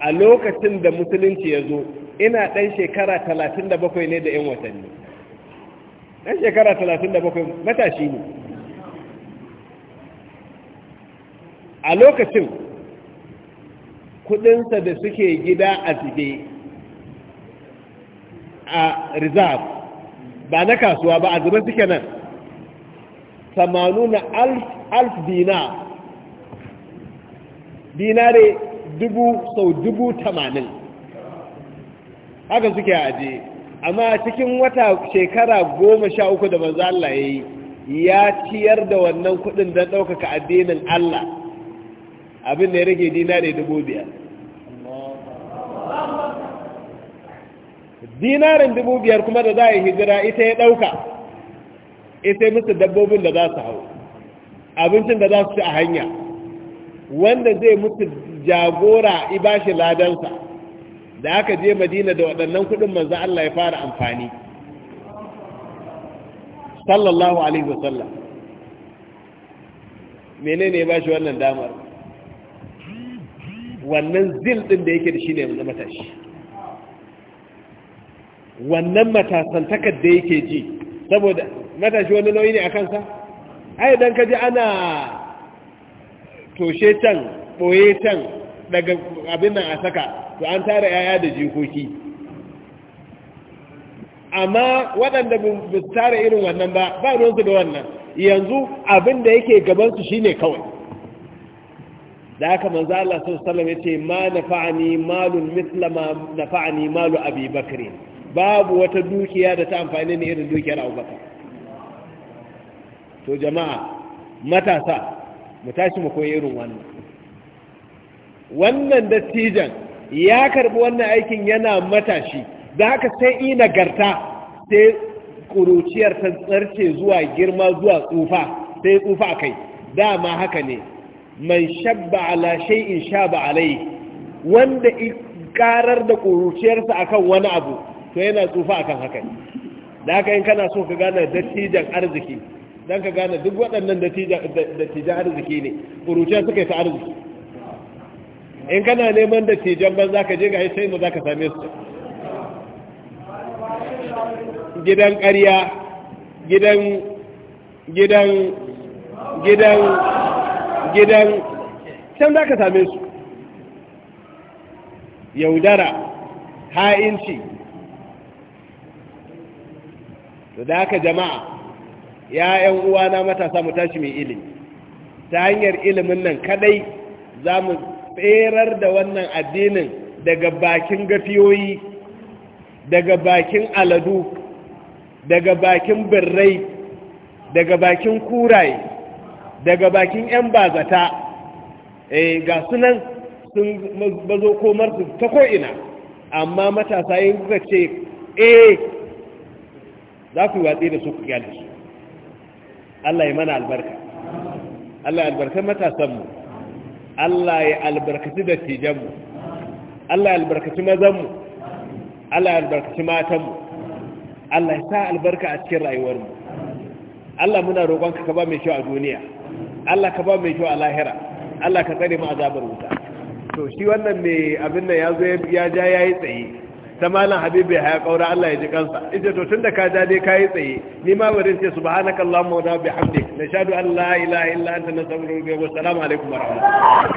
a lokacin da musulunci ya zo ina ɗan shekara talatin da bakwai ne da 'yan watanni ɗan shekara talatin da bakwai matashi ne a lokacin kudinsa da suke gida a zube a reserve ba na kasuwa ba a zube suke nan na alf dina dinare dubu sau dubu tamanin haka suke aje amma cikin wata shekara goma sha uku da manzo ya yi ya ciyar da wannan kudin don ɗaukaka addinin Allah abin da ya rage dinare dubu biyar dinarin dubu biyar kuma da za a yi hijira ita ya ɗauka ita yi musu dabbobin da za su hau abincin da za su ci a hanya wanda zai musu jagora ibashi ladansa da aka je madina da waɗannan kuɗin manzo Allah ya fara amfani sallallahu alaihi wasallam menene ya bashi wannan damar wannan zil ɗin da yake da shi ne na matashi wannan matasantakar da yake ji saboda matashi wani nauyi ne a kansa ai dan kaji ana toshe can ɓoye can daga abin nan a saka to an tara yaya da jikoki amma waɗanda ba tara irin wannan ba ba ruwansu da wannan yanzu abin da yake gabansu shi ne kawai da haka manzo Allah sallallahu alaihi yace ma nafa'ani malun mithla ma nafa'ani malu Abi Bakr babu wata dukiya da ta amfani ni irin dukiyar Abu Bakr to jama'a matasa mu tashi mu koyi irin wannan wannan dattijan ya karbi wannan aikin yana matashi da haka sai yi nagarta sai kuruciyar ta tsarce zuwa girma zuwa tsufa sai tsufa kai dama haka ne mai shabba ala shay'in shaba alai wanda ikarar da kuruciyarsa akan wani abu to yana tsufa akan hakan. da haka in kana so ka gane dattijan arziki dan ka gane duk waɗannan dattijan arziki ne kuruciyar suka yi ta arziki in kana neman dattijan ban za ka je ga sai mu za ka same su gidan ƙarya gidan gidan gidan gidan can da ka same su yaudara ha'inci to da jama'a ya yan uwana matasa mu tashi mai ilimi ta hanyar ilimin nan kadai za mu tserar da wannan addinin daga bakin gafiyoyi daga bakin aladu daga bakin birrai daga bakin kuraye daga bakin 'yan bazata eh, ga sunan sun bazo komar su ta ko'ina amma matasa yin kuka ce eh za ku watsi da su ku kyale su Allah ya mana albarka Allah ya albarkar matasanmu Allah ya albarkaci dattijanmu Allah ya albarkaci mazanmu Allah ya albarkaci matanmu Allah ya sa albarka a cikin rayuwarmu Allah muna roƙonka ka ba mai kyau a duniya Allah ka ba mai kyau a lahira Allah ka tsare mu azabar wuta to shi wannan ne abin nan ya zo ya ja yayi tsaye ta malam habibu ya kaura Allah ya ji kansa ita to tun da ka ja dai ka yi tsaye ni ma barin ce subhanakallahumma wa bihamdik nashhadu an la ilaha illa anta nastaghfiruka wa assalamu alaikum wa rahmatullahi